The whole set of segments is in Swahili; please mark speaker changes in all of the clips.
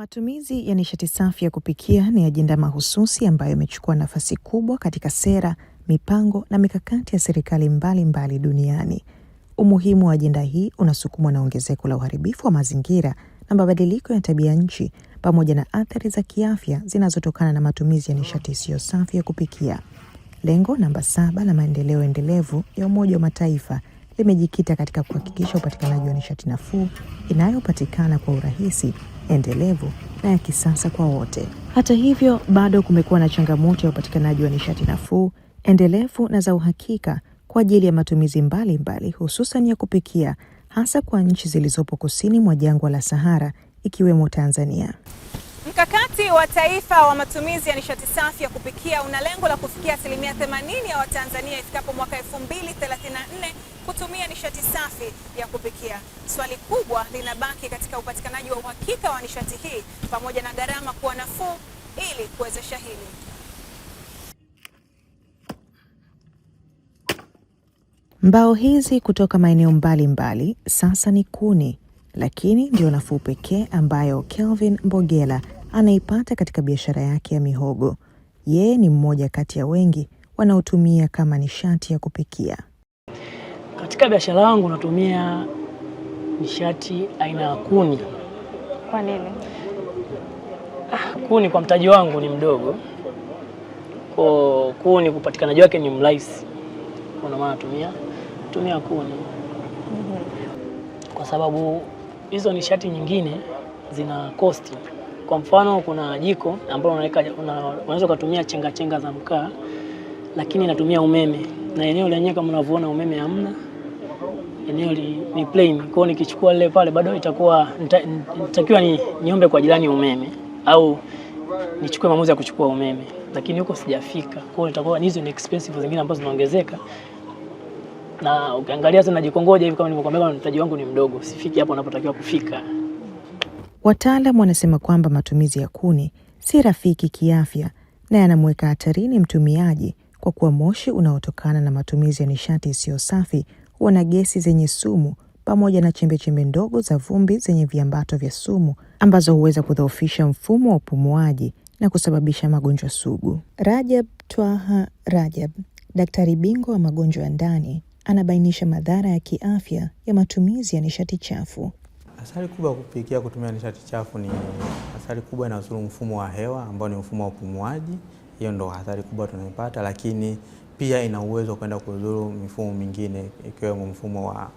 Speaker 1: Matumizi ya nishati safi ya kupikia ni ajenda mahususi ambayo imechukua nafasi kubwa katika sera, mipango na mikakati ya serikali mbalimbali duniani. Umuhimu wa ajenda hii unasukumwa na ongezeko la uharibifu wa mazingira na mabadiliko ya tabia nchi pamoja na athari za kiafya zinazotokana na matumizi ya nishati isiyo safi ya kupikia. Lengo namba saba la maendeleo endelevu ya Umoja wa Mataifa limejikita katika kuhakikisha upatikanaji wa nishati nafuu inayopatikana kwa urahisi, endelevu na ya kisasa kwa wote. Hata hivyo, bado kumekuwa na changamoto ya upatikanaji wa nishati nafuu, endelevu na za uhakika kwa ajili ya matumizi mbalimbali, hususan ya kupikia, hasa kwa nchi zilizopo kusini mwa jangwa la Sahara ikiwemo Tanzania.
Speaker 2: Mkakati wa Taifa wa matumizi ya nishati safi ya kupikia una lengo la kufikia asilimia 80 ya Watanzania ifikapo mwaka 2034 kutumia nishati safi ya kupikia. Swali kubwa linabaki katika upatikanaji wa uhakika wa nishati hii pamoja na gharama kuwa nafuu ili kuwezesha hili.
Speaker 1: Mbao hizi kutoka maeneo mbalimbali sasa ni kuni, lakini ndio nafuu pekee ambayo Kelvin Mbogela anaipata katika biashara yake ya mihogo. Yeye ni mmoja kati ya wengi wanaotumia kama nishati ya kupikia.
Speaker 3: Katika biashara yangu natumia nishati aina ya kuni. Kwa nini? Ah, kuni kwa mtaji wangu ni mdogo, kwa kuni upatikanaji wake ni mrahisi, kuna maana tumia tumia kuni mhm. kwa sababu hizo nishati nyingine zina kosti kwa mfano kuna jiko ambalo unaweka unaweza ukatumia chenga chenga za mkaa, lakini inatumia umeme na eneo lenyewe kama unavyoona umeme hamna, eneo li, ni plain. Kwa hiyo nikichukua lile pale bado itakuwa nitakiwa ni, niombe kwa jirani umeme au nichukue maamuzi ya kuchukua umeme, lakini huko sijafika. Kwa hiyo itakuwa hizo ni expensive zingine ambazo zinaongezeka na ukiangalia sana jikongoja hivi, kama nilivyokuambia, mtaji wangu ni mdogo, sifiki hapo napotakiwa kufika.
Speaker 1: Wataalam wanasema kwamba matumizi ya kuni si rafiki kiafya na yanamweka hatarini mtumiaji kwa kuwa moshi unaotokana na matumizi ya nishati isiyo safi huwa na gesi zenye sumu pamoja na chembechembe ndogo za vumbi zenye viambato vya sumu ambazo huweza kudhoofisha mfumo wa upumuaji na kusababisha magonjwa sugu. Rajab Twaha Rajab, daktari bingwa wa magonjwa ya ndani, anabainisha madhara ya kiafya ya matumizi ya nishati chafu.
Speaker 4: Athari kubwa ya kupikia kutumia nishati chafu ni athari kubwa inazuru mfumo wa hewa ambao ni mfumo wa upumuaji. Hiyo ndo athari kubwa tunaipata, lakini pia ina uwezo kwenda kudhuru mifumo mingine ikiwemo mfumo wa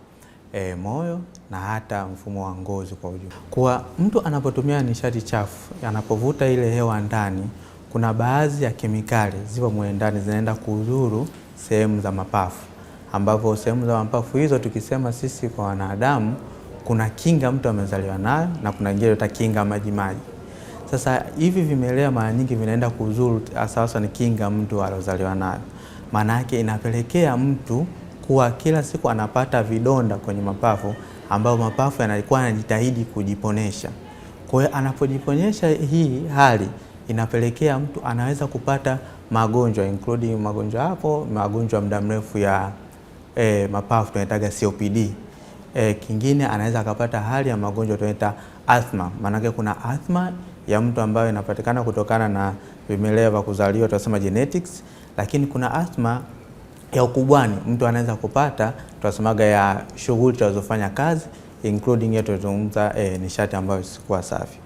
Speaker 4: e, moyo na hata mfumo wa ngozi kwa ujumla. Kwa mtu anapotumia nishati chafu, anapovuta ile hewa ndani, kuna baadhi ya kemikali zipo mwe ndani zinaenda kudhuru sehemu za mapafu, ambapo sehemu za mapafu hizo tukisema sisi kwa wanadamu kuna kinga mtu amezaliwa nayo na kuna ingine inaitwa kinga majimaji. Sasa hivi vimelea mara nyingi vinaenda kuzuru hasa ni kinga mtu alozaliwa nayo, maana yake inapelekea mtu kuwa kila siku anapata vidonda kwenye mapafu ambayo mapafu yanakuwa yanajitahidi kujiponesha. Kwa hiyo anapojiponyesha hii hali inapelekea mtu anaweza kupata magonjwa including magonjwa hapo magonjwa muda mrefu ya eh, mapafu tunaitaga COPD e, kingine anaweza akapata hali ya magonjwa tunaita asthma. Maanake kuna asthma ya mtu ambayo inapatikana kutokana na vimelea vya kuzaliwa tunasema genetics, lakini kuna asthma ya ukubwani mtu anaweza kupata tunasemaga ya shughuli tunazofanya kazi including yetu tunazungumza e, nishati ambayo sikuwa safi.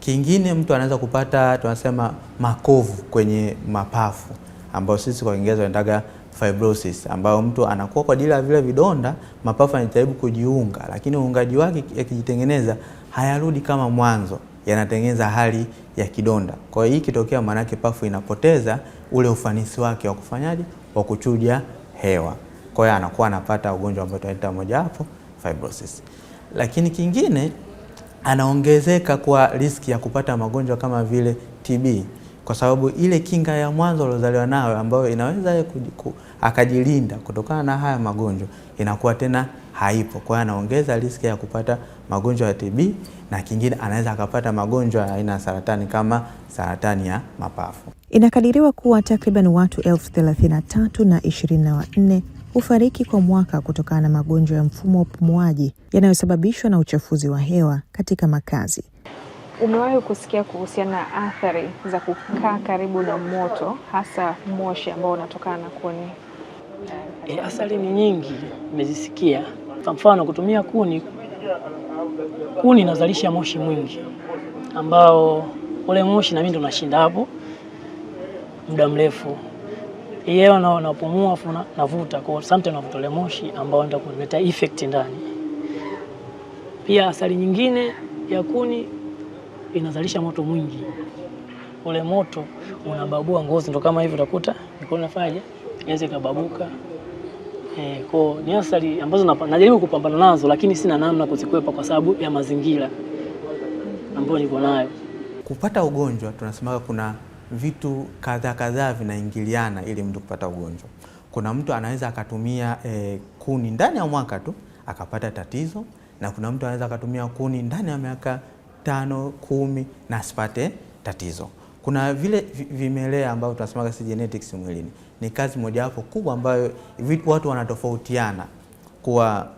Speaker 4: Kingine mtu anaweza kupata tunasema makovu kwenye mapafu ambayo sisi kwa Kiingereza tunaitaga fibrosis ambayo mtu anakuwa kwa ajili ya vile vidonda, mapafu yanajaribu kujiunga, lakini uungaji wake yakijitengeneza hayarudi kama mwanzo, yanatengeneza hali ya kidonda. Kwa hiyo hii ikitokea, maanake pafu inapoteza ule ufanisi wake wa kufanyaje, wa kuchuja hewa. Kwa hiyo anakuwa anapata ugonjwa ambao tunaita mojawapo fibrosis. Lakini kingine anaongezeka kwa riski ya kupata magonjwa kama vile TB kwa sababu ile kinga ya mwanzo aliozaliwa nayo ambayo inaweza akajilinda kutokana na haya magonjwa inakuwa tena haipo. Kwa hiyo anaongeza riski ya kupata magonjwa ya TB na kingine anaweza akapata magonjwa ya aina ya saratani kama saratani ya mapafu.
Speaker 1: Inakadiriwa kuwa takriban watu elfu thelathini na tatu na ishirini na wanne hufariki kwa mwaka kutokana na magonjwa ya mfumo wa upumuaji yanayosababishwa na uchafuzi wa hewa katika makazi.
Speaker 5: Umewahi kusikia kuhusiana na athari za kukaa karibu na moto hasa moshi ambao unatokana na kuni?
Speaker 3: E, athari ni nyingi, nimezisikia. Kwa mfano kutumia kuni, kuni inazalisha moshi mwingi ambao ule moshi na mimi ndo nashinda hapo muda mrefu, yeye na napumua afu navuta, kwa sometimes navuta ile moshi ambao ndio kuleta effect ndani. Pia athari nyingine ya kuni inazalisha moto mwingi, ule moto unababua ngozi, ndo kama hivyo utakuta mikono inafanyaje, inaweza ikababuka. Eh, kwa ni athari ambazo najaribu kupambana nazo, lakini sina namna kuzikwepa kwa sababu ya mazingira ambayo niko nayo.
Speaker 4: Kupata ugonjwa tunasema kuna vitu kadhaa kadhaa vinaingiliana ili mtu kupata ugonjwa. Kuna mtu anaweza akatumia e, kuni ndani ya mwaka tu akapata tatizo, na kuna mtu anaweza akatumia kuni ndani ya miaka tano, kumi na asipate tatizo. Kuna vile vimelea ambavyo tunasema si genetics mwilini, ni kazi mojawapo kubwa ambayo watu wanatofautiana kuwa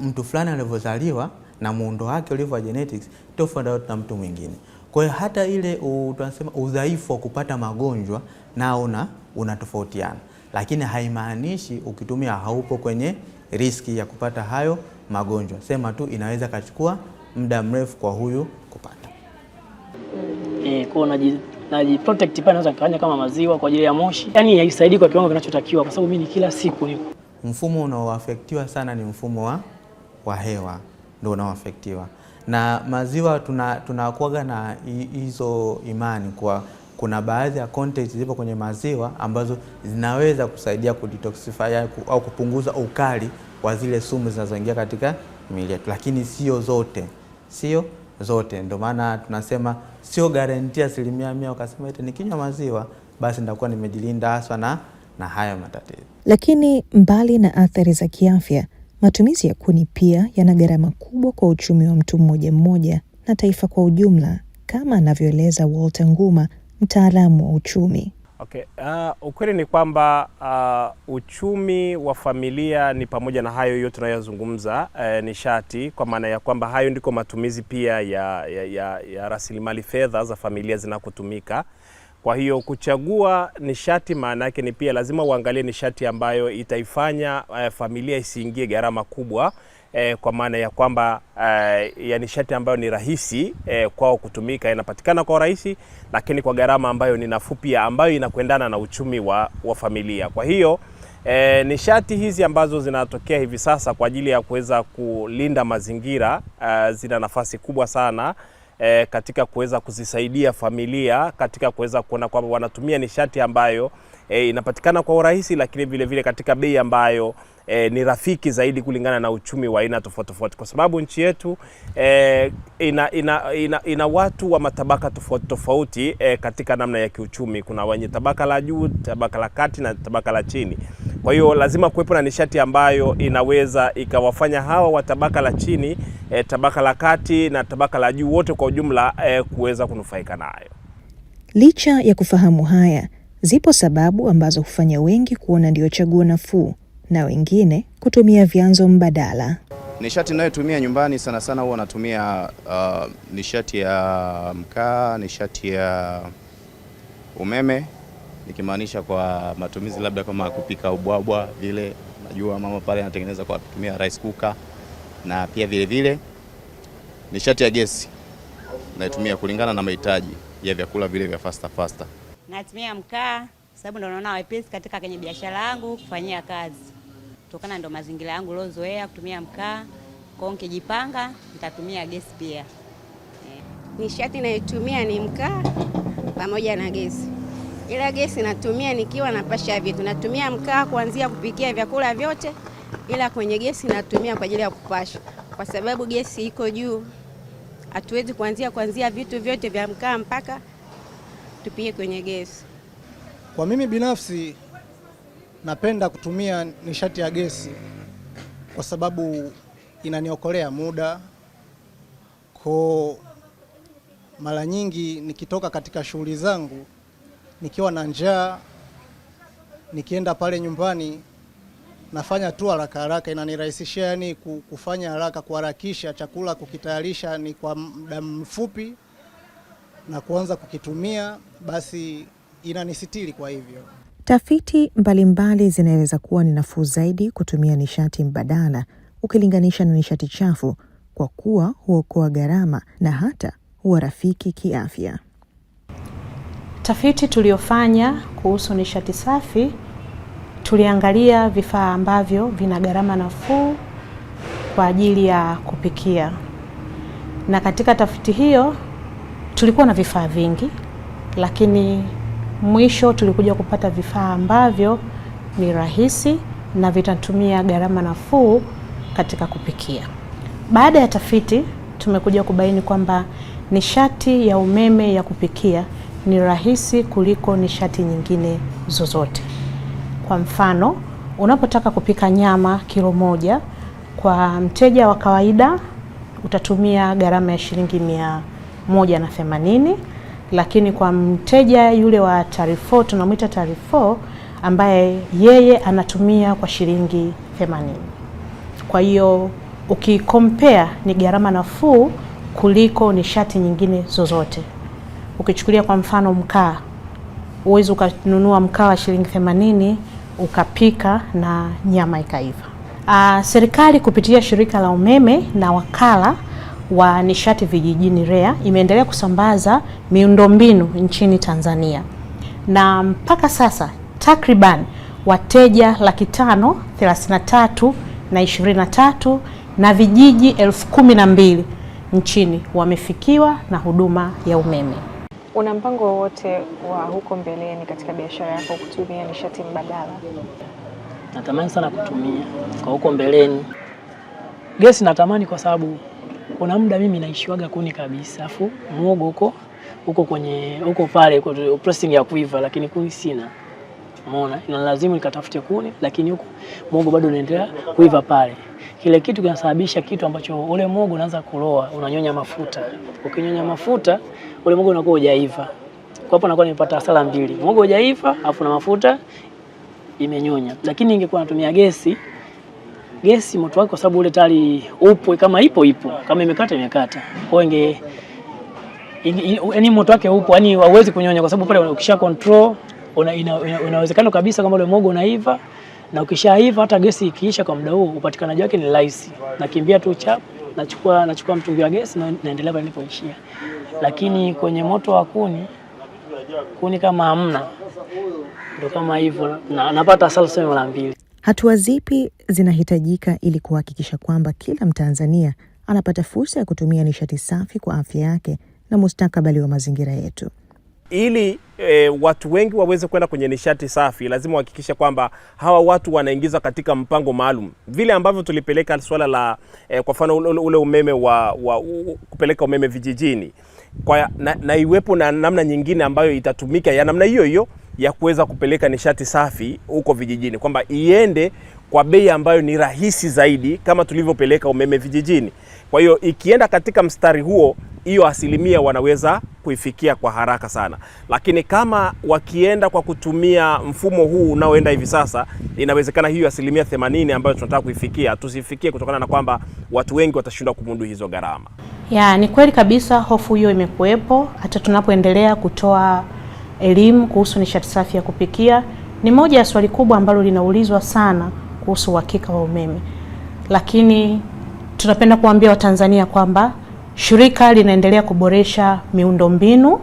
Speaker 4: mtu fulani alivyozaliwa na muundo wake ulivyo wa genetics tofauti na mtu mwingine. Kwa hiyo hata ile tunasema udhaifu wa kupata magonjwa nao una unatofautiana, lakini haimaanishi ukitumia haupo kwenye riski ya kupata hayo magonjwa, sema tu inaweza kachukua muda mrefu kwa huyu kupata.
Speaker 3: Eh, kwa naji naji protect pale naweza kufanya kama maziwa kwa ajili ya moshi. Yaani haisaidii kwa kiwango kinachotakiwa kwa sababu mimi ni kila siku niko.
Speaker 4: Mfumo unaoafektiwa sana ni mfumo wa, wa hewa ndio unaoafektiwa. Na maziwa tunakuaga tuna na hizo imani kwa kuna baadhi ya content zipo kwenye maziwa ambazo zinaweza kusaidia kudetoxify yaani au kupunguza ukali wa zile sumu zinazoingia katika miili yetu, lakini sio zote sio zote. Ndio maana tunasema sio garantia asilimia mia, ukasema eti nikinywa maziwa basi nitakuwa nimejilinda haswa na, na hayo matatizo.
Speaker 1: Lakini mbali na athari za kiafya, matumizi ya kuni pia yana gharama kubwa kwa uchumi wa mtu mmoja mmoja na taifa kwa ujumla, kama anavyoeleza Walter Nguma, mtaalamu wa uchumi.
Speaker 6: Okay. Uh, ukweli ni kwamba uh, uchumi wa familia ni pamoja na hayo yote tunayozungumza, uh, eh, nishati, kwa maana ya kwamba hayo ndiko matumizi pia ya, ya, ya, ya rasilimali fedha za familia zinakotumika. Kwa hiyo kuchagua nishati maana yake ni pia lazima uangalie nishati ambayo itaifanya uh, familia isiingie gharama kubwa eh, kwa maana ya kwamba eh, ya nishati ambayo ni rahisi eh, kwao kutumika inapatikana kwa urahisi, lakini kwa gharama ambayo ni nafuu pia, ambayo inakwendana na uchumi wa, wa familia. Kwa hiyo eh, nishati hizi ambazo zinatokea hivi sasa kwa ajili ya kuweza kulinda mazingira eh, zina nafasi kubwa sana E, katika kuweza kuzisaidia familia katika kuweza kuona kwamba wanatumia nishati ambayo e, inapatikana kwa urahisi, lakini vilevile vile katika bei ambayo e, ni rafiki zaidi kulingana na uchumi wa aina tofauti tofauti, kwa sababu nchi yetu e, ina, ina, ina, ina watu wa matabaka tofauti tofauti e, katika namna ya kiuchumi. Kuna wenye tabaka la juu, tabaka la kati na tabaka la chini. Kwa hiyo lazima kuwepo na nishati ambayo inaweza ikawafanya hawa wa tabaka la chini e, tabaka la kati na tabaka la juu wote kwa ujumla e, kuweza kunufaika nayo.
Speaker 1: Licha ya kufahamu haya, zipo sababu ambazo hufanya wengi kuona ndio chaguo nafuu na wengine kutumia vyanzo mbadala.
Speaker 7: Nishati inayotumia nyumbani sana sana huwa natumia uh, nishati ya mkaa, nishati ya umeme, nikimaanisha kwa matumizi labda kama kupika ubwabwa vile. Najua mama pale anatengeneza kwa kutumia rice cooker, na pia vile vile nishati ya gesi naitumia kulingana na mahitaji ya vyakula vile vya fasta fasta.
Speaker 8: Natumia mkaa sababu ndo naona wepesi katika kwenye biashara yangu kufanyia kazi kutokana ndo mazingira yangu lozoea kutumia mkaa. Kwa hiyo nikijipanga nitatumia gesi pia.
Speaker 9: Nishati inayotumia ni mkaa pamoja na gesi, ila gesi natumia nikiwa napasha vitu. Natumia mkaa kuanzia kupikia vyakula vyote, ila kwenye gesi natumia kwa ajili ya kupasha, kwa sababu gesi iko juu. Hatuwezi kuanzia kuanzia vitu vyote vya mkaa mpaka tupie kwenye gesi.
Speaker 10: Kwa mimi binafsi Napenda kutumia nishati ya gesi kwa sababu inaniokolea muda. ko mara nyingi nikitoka katika shughuli zangu nikiwa na njaa, nikienda pale nyumbani nafanya tu haraka haraka, inanirahisishia yani kufanya haraka, kuharakisha chakula, kukitayarisha ni kwa muda mfupi na kuanza kukitumia, basi inanisitiri kwa hivyo.
Speaker 1: Tafiti mbalimbali zinaeleza kuwa ni nafuu zaidi kutumia nishati mbadala ukilinganisha na nishati chafu kwa kuwa huokoa gharama na hata huwa rafiki kiafya.
Speaker 11: Tafiti tuliofanya kuhusu nishati safi, tuliangalia vifaa ambavyo vina gharama nafuu kwa ajili ya kupikia, na katika tafiti hiyo tulikuwa na vifaa vingi lakini Mwisho tulikuja kupata vifaa ambavyo ni rahisi na vitatumia gharama nafuu katika kupikia. Baada ya tafiti, tumekuja kubaini kwamba nishati ya umeme ya kupikia ni rahisi kuliko nishati nyingine zozote. Kwa mfano, unapotaka kupika nyama kilo moja kwa mteja wa kawaida utatumia gharama ya shilingi mia moja na themanini lakini kwa mteja yule wa Tarifo, tunamwita Tarifo ambaye yeye anatumia kwa shilingi 80. Kwa hiyo ukikompea ni gharama nafuu kuliko nishati nyingine zozote. Ukichukulia kwa mfano mkaa, huwezi ukanunua mkaa wa shilingi 80 ukapika na nyama ikaiva. Ah, serikali kupitia shirika la umeme na wakala wa nishati vijijini REA imeendelea kusambaza miundombinu nchini Tanzania na mpaka sasa takriban wateja laki tano thelathini na tatu na ishirini na tatu na vijiji elfu kumi na mbili nchini wamefikiwa na huduma ya umeme.
Speaker 12: Una mpango wowote wa huko mbeleni katika biashara yako kutumia nishati mbadala?
Speaker 3: Natamani sana kutumia kwa huko mbeleni. Gesi natamani kwa sababu kuna muda mimi naishiwaga kuni kabisa, afu mwogo huko huko kwenye huko pale huko processing ya kuiva, lakini kuni sina. Umeona, ina lazima nikatafute kuni, lakini huko mwogo bado unaendelea kuiva pale. Kile kitu kinasababisha kitu ambacho ule mwogo unaanza kuloa, unanyonya mafuta. Ukinyonya mafuta, ule mwogo unakuwa hujaiva. Kwa hapo nakuwa nimepata hasara mbili, mwogo hujaiva afu na mafuta imenyonya. Lakini ingekuwa natumia gesi gesi moto wake, kwa sababu ule tayari upo, kama ipo ipo, kama imekata imekata. Kwa hiyo yani moto wake upo, yani hauwezi kunyonya, kwa sababu pale ukisha control una, inawezekana kabisa kama ule mogo unaiva na ukishaiva hata gesi ikiisha kwa muda huo upatikanaji wake ni rahisi. Nakimbia tu chap, nachukua nachukua mtungi wa gesi na naendelea pale nilipoishia. Lakini kwenye moto wa kuni, kuni kama hamna, ndio kama hivyo, napata na hasara mara mbili.
Speaker 1: Hatua zipi zinahitajika ili kuhakikisha kwamba kila Mtanzania anapata fursa ya kutumia nishati safi kwa afya yake na mustakabali wa mazingira yetu?
Speaker 6: Ili e, watu wengi waweze kwenda kwenye nishati safi, lazima wahakikishe kwamba hawa watu wanaingizwa katika mpango maalum, vile ambavyo tulipeleka swala la e, kwa mfano ule umeme wa, wa u, kupeleka umeme vijijini kwa, na, na iwepo na namna nyingine ambayo itatumika ya namna hiyo hiyo ya kuweza kupeleka nishati safi huko vijijini, kwamba iende kwa bei ambayo ni rahisi zaidi kama tulivyopeleka umeme vijijini. Kwa hiyo ikienda katika mstari huo, hiyo asilimia wanaweza kuifikia kwa haraka sana, lakini kama wakienda kwa kutumia mfumo huu unaoenda hivi sasa, inawezekana hiyo asilimia 80 ambayo tunataka kuifikia tusifikie, kutokana na kwamba watu wengi watashindwa kumudu hizo gharama.
Speaker 11: Ya, ni kweli kabisa, hofu hiyo imekuwepo hata tunapoendelea kutoa Elimu kuhusu nishati safi ya kupikia ni moja ya swali kubwa ambalo linaulizwa sana kuhusu uhakika wa umeme, lakini tunapenda kuambia Watanzania kwamba shirika linaendelea kuboresha miundombinu,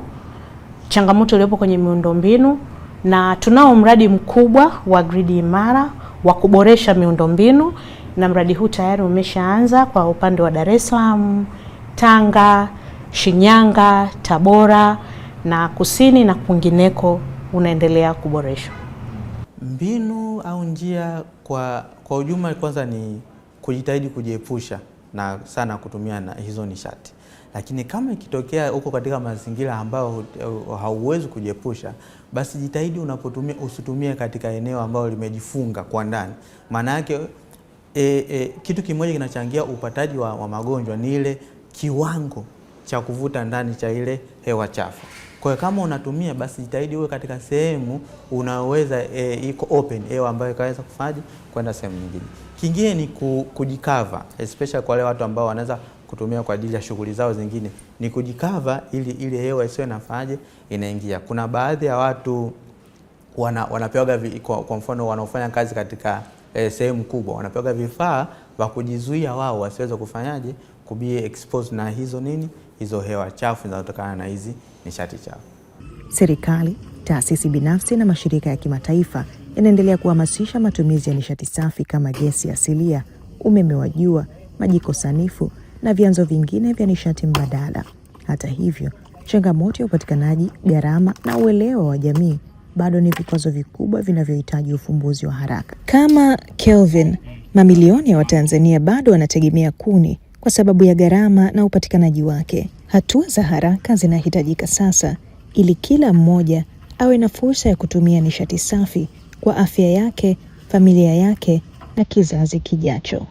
Speaker 11: changamoto iliyopo kwenye miundombinu, na tunao mradi mkubwa wa gridi imara wa kuboresha miundombinu, na mradi huu tayari umeshaanza kwa upande wa Dar es Salaam, Tanga, Shinyanga, Tabora na kusini na kwingineko unaendelea kuboreshwa.
Speaker 4: Mbinu au njia kwa, kwa ujumla kwanza ni kujitahidi kujiepusha na sana kutumia na hizo nishati, lakini kama ikitokea huko katika mazingira ambayo hauwezi kujiepusha, basi jitahidi unapotumia usitumie katika eneo ambalo limejifunga kwa ndani. Maana yake e, e, kitu kimoja kinachangia upataji wa, wa magonjwa ni ile kiwango cha kuvuta ndani cha ile hewa chafu. Kwa hiyo kama unatumia basi jitahidi uwe katika sehemu unaweza e, iko open hewa ambayo ikaweza kufaji kwenda sehemu nyingine. Kingine ni kujikava, especially kwa wale watu ambao wanaweza kutumia kwa ajili ya shughuli zao zingine, ni kujikava ili ile hewa isiwe nafaje inaingia. Kuna baadhi ya watu wana, wanapewaga kwa, kwa mfano wanaofanya kazi katika e, sehemu kubwa wanapewaga vifaa vya kujizuia wao wasiweze kufanyaje kubie exposed na hizo nini hizo hewa chafu zinazotokana na hizi nishati chafu.
Speaker 1: Serikali, taasisi binafsi na mashirika ya kimataifa yanaendelea kuhamasisha matumizi ya nishati safi kama gesi asilia, umeme wa jua, majiko sanifu na vyanzo vingine vya nishati mbadala. Hata hivyo, changamoto ya upatikanaji, gharama na uelewa wa jamii bado ni vikwazo vikubwa vinavyohitaji ufumbuzi wa haraka. Kama Kelvin, mamilioni ya Watanzania bado wanategemea kuni kwa sababu ya gharama na upatikanaji wake. Hatua za haraka zinahitajika sasa ili kila mmoja awe na fursa ya kutumia nishati safi kwa afya yake, familia yake na kizazi kijacho.